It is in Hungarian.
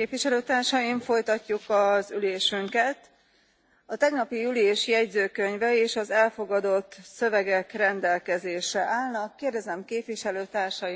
képviselőtársaim folytatjuk az ülésünket. a tegnapi ülés jegyzőkönyve és az elfogadott szövegek rendelkezésre állnak. kérdezem képviselőtársaimat hogy